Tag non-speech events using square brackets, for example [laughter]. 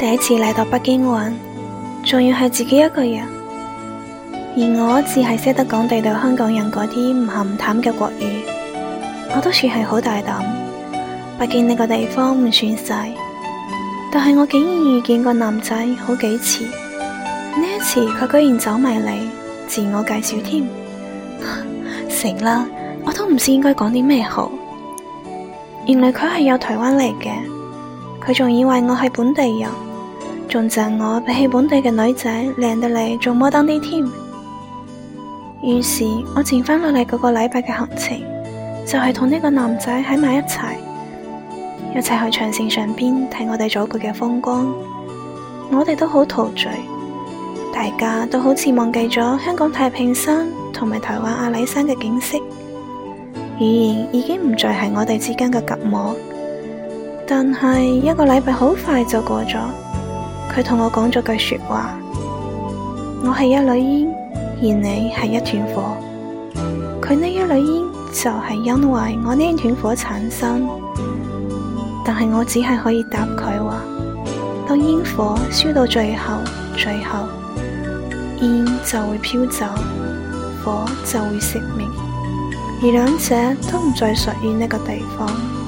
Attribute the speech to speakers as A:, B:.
A: 第一次嚟到北京玩，仲要係自己一個人，而我只係識得講地道香港人嗰啲唔咸唔淡嘅國語，我都算係好大膽。北京呢個地方唔算細，但係我竟然遇見個男仔好幾次，呢一次佢居然走埋嚟自我介紹添，成 [laughs] 啦，我都唔知應該講啲咩好。原來佢係由台灣嚟嘅，佢仲以為我係本地人。仲讚我比起本地嘅女仔靚得嚟仲摩登啲添。於是我剩返落嚟嗰個禮拜嘅行程，就係同呢個男仔喺埋一齊，一齊去長城上邊睇我哋祖國嘅風光。我哋都好陶醉，大家都好似忘記咗香港太平山同埋台灣阿里山嘅景色。語言已經唔再係我哋之間嘅隔膜，但係一個禮拜好快就過咗。佢同我講咗句說話：我係一縷煙，而你係一團火。佢呢一縷煙就係因為我呢一團火產生，但係我只係可以答佢話：當煙火燒到最後，最後煙就會飄走，火就會熄滅，而兩者都唔再屬於呢個地方。